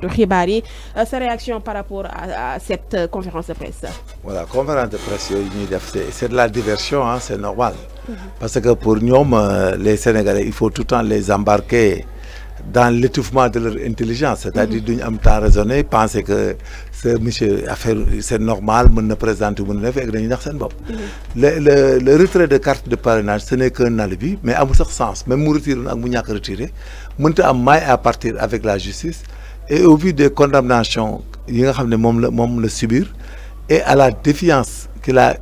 de Khibari, euh, sa réaction par rapport à cette euh, conférence de presse. voilà conférence de presse c'est c'est de la diversion hein, c'est normal. Mhm. parce que pour nous, euh, les sénégalais il faut tout le temps les embarquer. dans l'étouffement de leur intelligence. C'est-à-dire mm -hmm. raisonné, raisonner, penser que c'est normal, ne présente pas le, pas. le retrait de carte de parrainage, ce n'est qu'un alibi, mais à mon sens, même si on retire, on nous, à partir avec la justice et au vu des condamnations il a subir et à la défiance qu'il a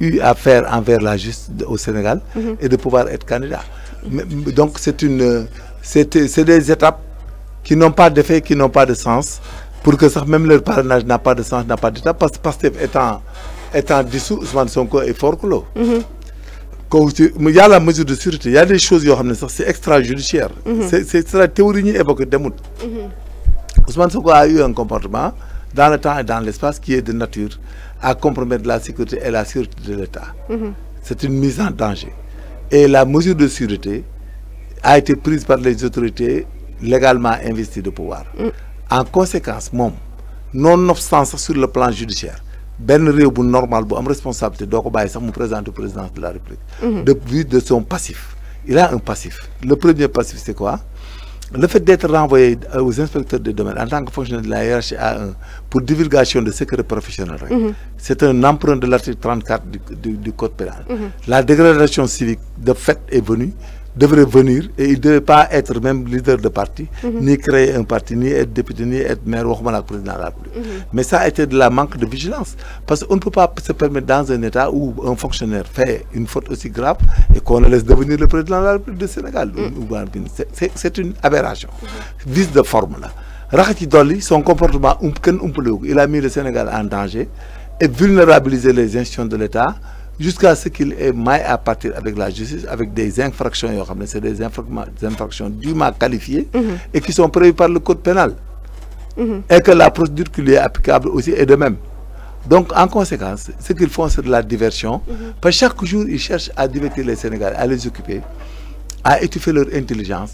eu à faire envers la justice au Sénégal mhm. et de pouvoir être candidat. Donc c'est une c'est des étapes qui n'ont pas de d'effet, qui n'ont pas de sens, pour que ça, même leur parrainage n'a pas de sens, n'a pas d'état, parce que étant, étant dissous, son corps est fort clos. Mhm. Il y a la mesure de sûreté, il y a des choses, c'est extrajudiciaire. Mm C'est la théorie évoquée Ousmane Soko a eu un comportement dans le temps et dans l'espace qui est de nature à compromettre la sécurité et la sûreté de l'État. Mhm. C'est une mise en danger. Et la mesure de sûreté a été prise par les autorités légalement investies de pouvoir. Mm. En conséquence, mon non obstance sur le plan judiciaire, ben réew normal bu responsable, responsabilité ça me au président de la république. Mhm. de de son passif il a un passif le premier passif c'est quoi le fait d'être renvoyé aux inspecteurs de domaine en tant que fonctionnaire de la RH A1 pour divulgation de secrets professionnels, mhm. c'est un emprunt de l'article 34 du, Code pénal. Mhm. La dégradation civique, de fait, est venue devrait venir et il ne devait pas être même leader de parti, mhm. ni créer un parti, ni être député, ni être maire ou président de la République. Mhm. Mais ça a été de la manque de vigilance. Parce qu'on ne peut pas se permettre dans un État où un fonctionnaire fait une faute aussi grave et qu'on le laisse devenir le président de la République du Sénégal. Mhm. C'est une aberration. Mm. de forme là. Dolly, son comportement, um, il a mis le Sénégal en danger et vulnérabilisé les institutions de l'État jusqu'à ce qu'il ait maille à partir avec la justice avec des infractions c'est des infractions dûment qualifiées mhm. et qui sont prévues par le code pénal mhm. et que la procédure qui lui est applicable aussi est de même donc en conséquence ce qu'ils font c'est de la diversion mhm. parce chaque jour ils cherchent à divertir les Sénégalais à les occuper à étouffer leur intelligence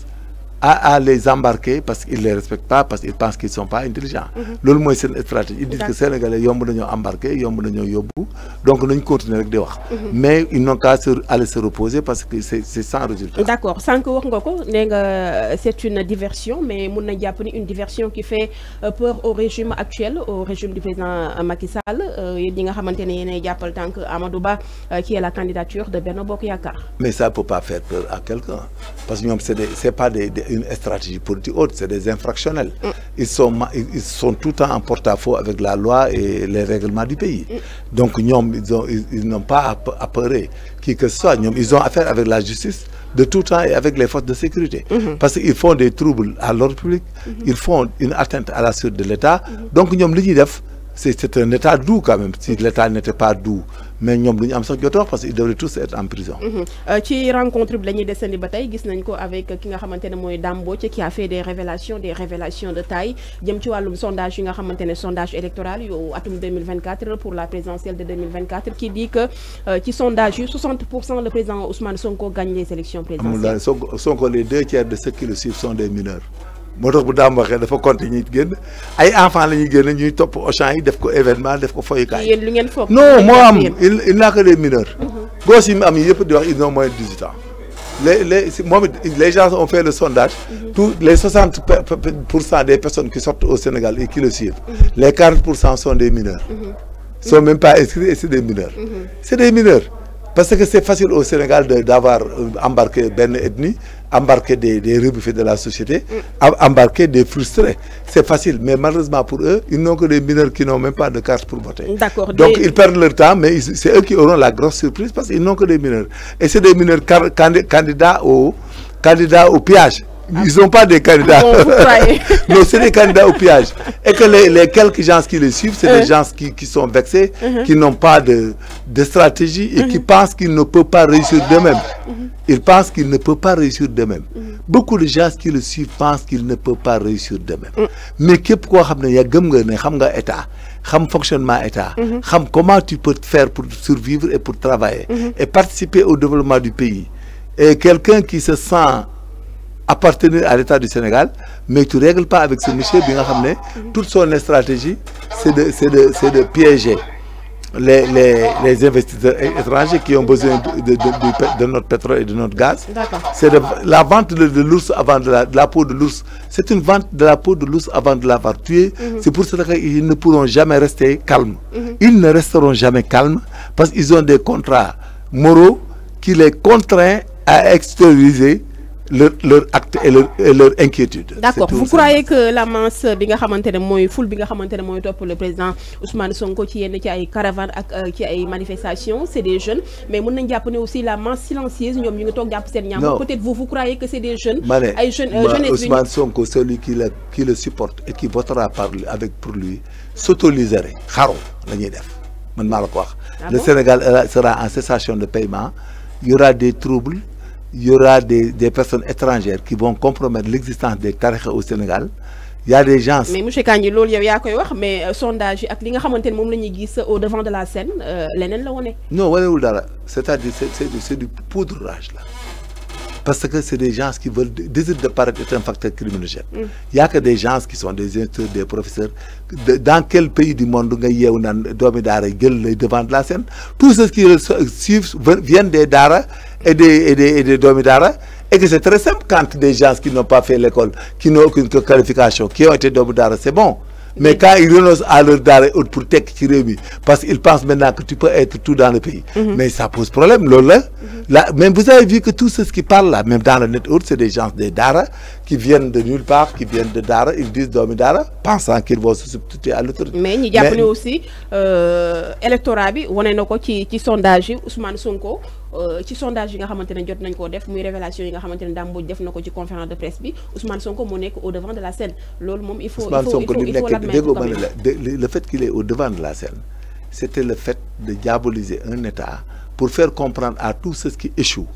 à, les embarquer parce qu'ils ne les respectent pas, parce qu'ils pensent qu'ils ne sont pas intelligents. Mhm. loolu c'est une stratégie ils disent que sénégalais yomb nañoo embarquer yomb nañoo yóbbu donc nous continuons de les wax. Mhm. mais ils n'ont qu'à se aller se reposer parce que c'est c'est sans résultat. d'accord Sans wax nga c'est une diversion mais il y a une diversion qui fait euh, peur au régime actuel au régime du président euh, Macky Sall Il euh, y nga xamante ne yéenay jàppal que Amadou Ba qui est la candidature de Bernard Bokyaka. Akar mais ça ne peut pas faire peur à quelqu'un parce que ce c'est pas des une stratégie politique haute, c'est des infractionnels. Ils, sont, ils sont tout le temps en porte-à-faux avec la loi et les règlements du pays. Donc, ils n'ont pas à pas qui que ce soit. Ils ont affaire avec la justice de tout temps et avec les forces de sécurité. Mhm. Parce qu'ils font des troubles à l'ordre public, mhm. ils font une atteinte à la suite de l'État. Donc, ils ont c'est un état doux quand même si l'état n'était pas doux mais nous, am parce qu'ils devraient tous être en prison. Tu mhm. euh, rencontre bi la ñuy Bataille, avec ki qui a fait des révélations des révélations de taille jëm ci un sondage sondage électoral au 2024 pour la présidentielle de 2024 qui dit que euh, ci sondage 60 du le président Ousmane Sonko gagne les élections présidentielles. Sonko les deux tiers de ceux qui le suivent sont des mineurs moo tax bu daam waxee dafa ay enfants la ñuy génn ñuy topp Auchan yi def ko événement def ko non am il il que des mineurs. Mhm. gosses yi mu am yëpp di wax ils ont moins de 18 ans. les les moi les gens ont fait le sondage. Mhm. tous les 60 des personnes qui sortent au Sénégal et qui le suivent. Mhm. les 40 sont des mineurs. sont même pas inscrits et c'est des mineurs. c'est des mineurs. Parce que c'est facile au Sénégal d'avoir euh, embarqué Ben Edni, embarqué des, des rebuffés de la société, mm. embarqué des frustrés. C'est facile, mais malheureusement pour eux, ils n'ont que des mineurs qui n'ont même pas de carte pour voter. Donc ils perdent leur temps, mais c'est eux qui auront la grosse surprise parce qu'ils n'ont que des mineurs. Et c'est des mineurs candidats au, candidats au pillage. Ils n'ont pas de candidats. non, c'est des candidats au piège. Et que les, quelques gens qui le suivent, c'est des hein. gens qui, sont vexés, hein. qui n'ont pas de, stratégie et qui hein. pensent qu'ils ne peuvent pas réussir d'eux-mêmes. Ils pensent qu'ils ne peuvent pas réussir d'eux-mêmes. Beaucoup de gens qui le suivent pensent qu'ils ne peuvent pas réussir d'eux-mêmes. Mais quest il y a état xam fonctionnement état comment tu peux faire pour survivre et pour travailler et participer au développement du pays et quelqu'un qui se sent appartenir à l'État du Sénégal, mais tu ne règles pas avec ce monsieur, bien ramené. Toute son stratégie, c'est de, piéger les, investisseurs étrangers qui ont besoin de, de, notre pétrole et de notre gaz. C'est la vente de, l'ours avant la, de la, peau de l'ours. C'est une vente de la peau de l'ours avant de l'avoir tué. Mhm. C'est pour cela qu'ils ne pourront jamais rester calmes. Mhm. Ils ne resteront jamais calmes parce qu'ils ont des contrats moraux qui les contraignent à extérioriser leur, leur acte et leur, et leur inquiétude. D'accord. Vous croyez que la masse binga xamantene moy foule binga xamantene moy Pour le président Ousmane Sonko ci yenn ci ay caravane ak a euh, ay manifestation c'est des jeunes, mais mën nañ japp aussi la masse silencieuse ñom ñu ngi tok japp Peut-être vous vous croyez que c'est des jeunes ay jeunes euh, Ousmane Sonko celui qui le, qui le supporte et qui votera par lui, avec pour lui s'autolisera. Xaro lañuy def. Man ma ah Le Sénégal sera en cessation de paiement. Il y aura des troubles il y aura des, personnes étrangères qui vont compromettre l'existence des tarifs au Sénégal. Il y a des gens. Mais M. Kanye, il y a quoi mais euh, sondage, ak linga des mom qui au devant de la scène, euh, l'enen est. Non, c'est-à-dire c'est du poudrage là. Parce que c'est des gens qui veulent, désirent de paraître être un facteur criminogène. Mm. Il n'y a que des gens qui sont des des professeurs. dans quel pays du monde devant la scène Tous ceux qui suivent viennent des Dara et des, et des, et Et que c'est très simple quand des gens qui n'ont pas fait l'école, qui n'ont aucune qualification, qui ont été Domidara, c'est bon mais quand ils renoncent à leur d'arrêt, pour te ci parce qu'ils pensent maintenant que tu peux être tout dans le pays mhm. mais ça pose problème là même vous avez vu que tous ceux qui parlent là même dans le net c'est des gens des dara qui viennent de nulle part qui viennent de dara ils disent Domi pensant qu'ils vont se substituer à l'autre. mais il y a aussi euh, électorat qui sondage Ousmane Sonko euh, ci sondage yi nga xamante jot nañ ko def muy révélation yi nga xamante dambo def nako ci conférence de presse bi Ousmane Sonko mo nek au devant de la scène lolou mom il faut il faut il faut le fait qu'il est au devant de la scène c'était le fait de diaboliser un État pour faire comprendre à tous ceux qui échouent,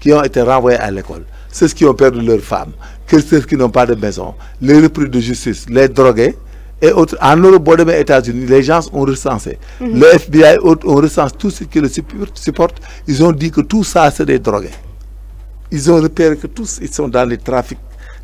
qui ont été renvoyés à l'école, ceux qui ont perdu leur femme ceux ceux qui n'ont pas de maison, les repris de justice, les drogués, et autres. En Europe, les États-Unis, les gens ont recensé. Mhm. Le FBI et autres ont recensé tout ce qui le supporte. Ils ont dit que tout ça, c'est des drogués. Ils ont repéré que tous, ils sont dans les trafics,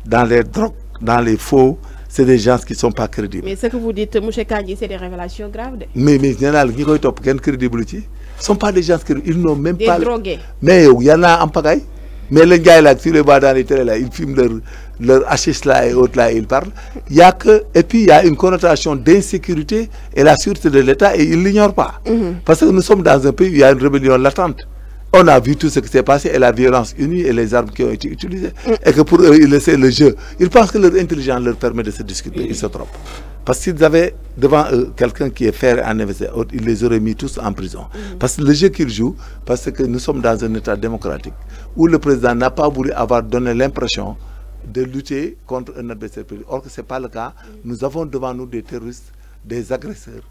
dans les drogues, dans les faux. C'est des gens qui ne sont pas crédibles. Mais ce que vous dites, M. c'est des révélations graves. Mais, mais il y en a qui sont crédibilité. Ce ne sont pas des gens crédibles. Ils n'ont même pas... Des drogués. Mais il y en a en pagaille. Mais les gars là, sur les bas dans les télés là, ils filment leur, leur là et autres là, ils parlent. Il y a que, et puis il y a une connotation d'insécurité et la sûreté de l'État et ils ne l'ignorent pas. Mhm. Parce que nous sommes dans un pays où il y a une rébellion latente. On a vu tout ce qui s'est passé et la violence unie et les armes qui ont été utilisées. Et que pour eux, ils laissaient le jeu. Ils pensent que leur intelligence leur permet de se discuter. Ils se trompent. Parce qu'ils avaient devant eux quelqu'un qui est fer un il ils les auraient mis tous en prison. Parce que le jeu qu'ils jouent, parce que nous sommes dans un État démocratique où le président n'a pas voulu avoir donné l'impression de lutter contre un adversaire Or que ce n'est pas le cas. Nous avons devant nous des terroristes, des agresseurs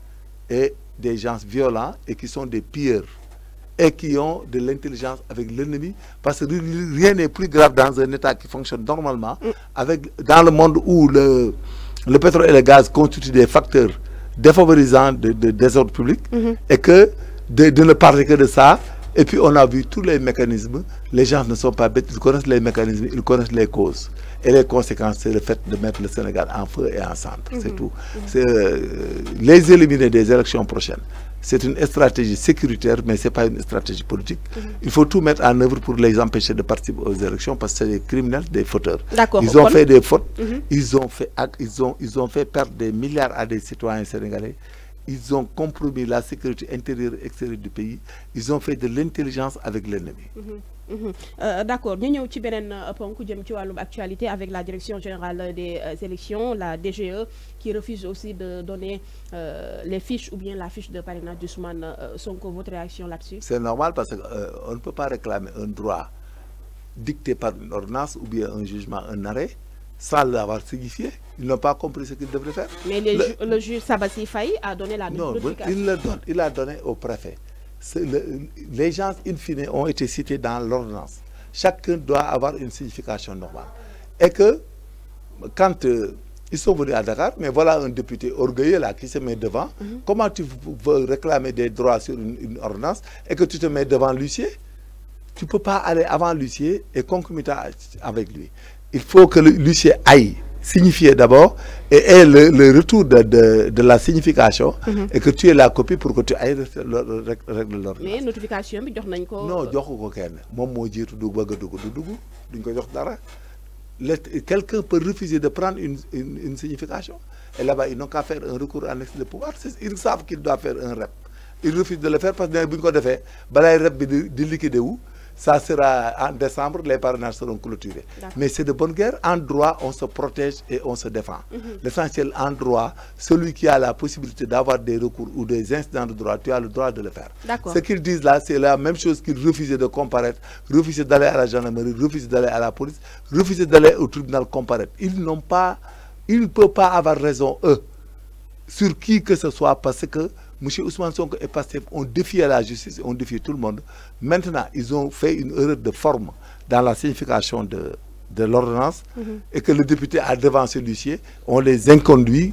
et des gens violents et qui sont des pires et qui ont de l'intelligence avec l'ennemi, parce que rien n'est plus grave dans un État qui fonctionne normalement, avec, dans le monde où le, le pétrole et le gaz constituent des facteurs défavorisants de, ordres désordre public, mhm. et que de, ne parler que de ça, et puis on a vu tous les mécanismes. Les gens ne sont pas bêtes, ils connaissent les mécanismes, ils connaissent les causes. Et les conséquences, c'est le fait de mettre le Sénégal en feu et en centre, c'est mhm. tout. Mhm. c'est euh, les éliminer des élections prochaines, c'est une stratégie sécuritaire, mais ce n'est pas une stratégie politique. Mhm. Il faut tout mettre en œuvre pour les empêcher de participer aux élections parce que c'est des criminels, des fauteurs. Mhm. Ils ont fait des fautes, ils, ont fait, ont, ils ont fait perdre des milliards à des citoyens sénégalais ils ont compromis la sécurité intérieure et extérieure du pays. Ils ont fait de l'intelligence avec l'ennemi. Mhm, mhm. Euh, d'accord. Nous avons ci benen euh, actualité avec la direction générale des euh, élections, la DGE qui refuse aussi de donner les fiches ou bien la fiche de parrainage d'Ousmane Sonko votre réaction là-dessus C'est normal parce qu'on ne peut pas réclamer un droit dicté par une ordonnance ou bien un jugement, un arrêt sans l'avoir signifié. Ils n'ont pas compris ce qu'ils devraient faire. Mais le, juge Sabassi Faye a donné la Non, il le donne. Il a donné au préfet. les gens, in fine, ont été cités dans l'ordonnance. Chacun doit avoir une signification normale. Et que, quand euh, ils sont venus à Dakar, mais voilà un député orgueilleux là qui se met devant, mhm. comment tu veux réclamer des droits sur une, ordonnance et que tu te mets devant l'huissier Tu ne peux pas aller avant l'huissier et concomitant avec lui. Il faut que l'huissier aille signifier d'abord et, le, retour de, de, la signification mhm. et que tu aies la copie pour que tu ailles régler l'ordre. Mais notification bi jox nañ ko Non joxu ko a dugg Quelqu'un peut refuser de prendre une, une, signification et là-bas ils n'ont qu'à faire un recours à excès de pouvoir ils savent qu'ils doivent faire un rep. Ils refusent de le faire parce que buñ ko defee balay rep bi di de où ça sera en décembre, les parrainages seront clôturés. Mais c'est de bonne guerre. En droit, on se protège et on se défend. Mhm. L'essentiel en droit, celui qui a la possibilité d'avoir des recours ou des incidents de droit, tu as le droit de le faire. Ce qu'ils disent là, c'est la même chose qu'ils refusaient de comparaître, refusaient d'aller à la gendarmerie, refusaient d'aller à la police, refusaient d'aller au tribunal comparaître. Ils n'ont pas, ils ne peuvent pas avoir raison, eux, sur qui que ce soit, parce que M. Ousmane Sonko et Pastef ont défié la justice, ont défié tout le monde. Maintenant, ils ont fait une erreur de forme dans la signification de, de l'ordonnance mhm. et que le député a devant celui-ci, on les inconduit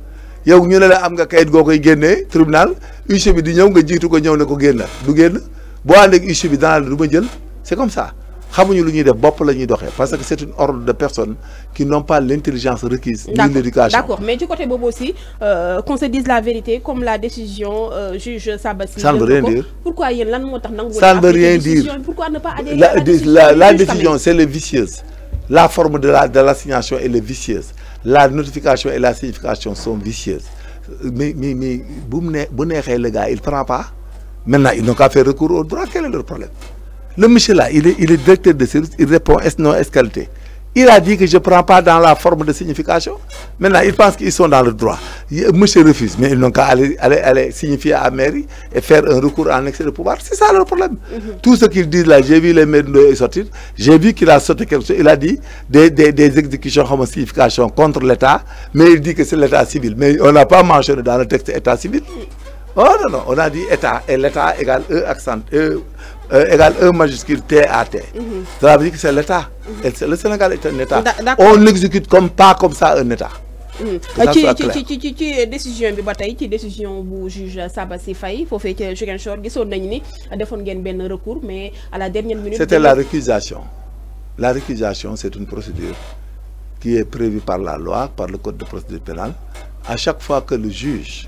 yow ñu ne la am nga kayit goo génné tribunal huissier bi di ñew nga jiitu ko ñew ne ko génna du génn bo ànd ak huissier bi danaa la du jël c'est comme ça xamuñu lu ñuy def bop lañuy doxé parce que c'est une horde de personnes qui n'ont pas l'intelligence requise ni l'éducation d'accord mais du côté bobo aussi euh, qu'on se dise la vérité comme la décision euh, juge Sabassi ça ne veut rien dire pourquoi yéen lan motax nangul décision ça ne veut rien dire pourquoi ne pas adhérer la décision c'est le vicieuse. la forme de la de l'assignation est le vicieuse la notification et la signification sont vicieuses. Mais, mais, mais le gars, il ne prend pas. Maintenant, ils n'ont qu'à faire recours au droit. Quel est leur problème Le monsieur là, il est, directeur de service, il répond est-ce non, est-ce qualité. Il a dit que je ne prends pas dans la forme de signification. Maintenant, ils pensent qu'ils sont dans le droit. Monsieur refuse, mais ils n'ont qu'à aller, signifier à mairie et faire un recours en excès de pouvoir. C'est ça le problème. Mhm. Tout ce qu'ils disent là, j'ai vu les maires sortir, j'ai vu qu'il a sauté quelque chose. Il a dit des, des, exécutions comme signification contre l'État, mais il dit que c'est l'État civil. Mais on n'a pas mentionné dans le texte État civil. Mm. Oh non, non, on a dit État et l'État égale E accent. E E euh, égale majuscule T à T. Mhm. Ça veut dire que c'est l'État. Mhm. Le Sénégal est un État. On l'exécute comme, pas comme ça un État. Mhm. Euh, ci ci ci ci ci décision bi bataille ci décision bu juge Sabassi Faye foofee ca Ziguinchor gisoon nañu ni defoon un benn recours mais à la dernière minute. c'était la récusation la récusation c'est une procédure qui est prévue par la loi par le code de procédure pénale à chaque fois que le juge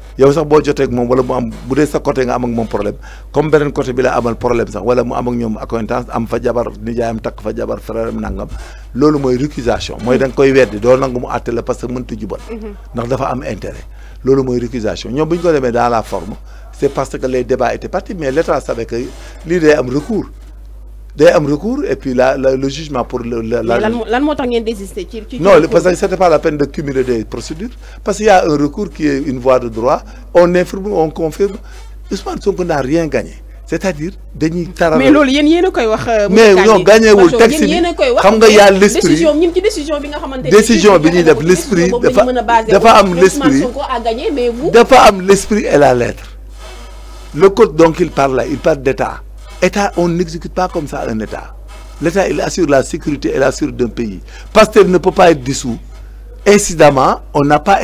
yow sax boo jotee ak moom wala mu am bu dee sa côté nga am ak moom problème comme beneen côté bi la problème sax wala mu am ñoom accointance am fa jabar nijaayam takk fa jabar frèram nangam loolu mooy récusation mooy da koy weddi doo nangu mu àtte parce que mënta jubal mhm. ndax dafa am intérêt loolu mooy récusation ñoom bu ko demee dans la c'est parce que les débats étaient partis mais l'État savait que lii day am recours day am recours et puis la, la le jugement pour le, la. la lan moo tax désister non parce que c'était pas la peine de cumuler des procédures parce qu'il y a un recours qui est une voie de droit on infirme on confirme Ousmane Sonko n'a rien gagné. c'est-à-dire dañuy taral mais loolu yéen yéen koy wax. Euh, mais non gagnéwul texte bi xam nga y'a l'esprit décision ñun ci décision bi nga xamante décision bi ñuy def l'esprit dafa dafa am l'esprit dafa am l'esprit et la lettre le code donc il parle là il parle d'état État, on n'exécute pas comme ça un État. L'État, il assure la sécurité et la d'un pays. Parce qu'il ne peut pas être dissous. Incidemment, on n'a pas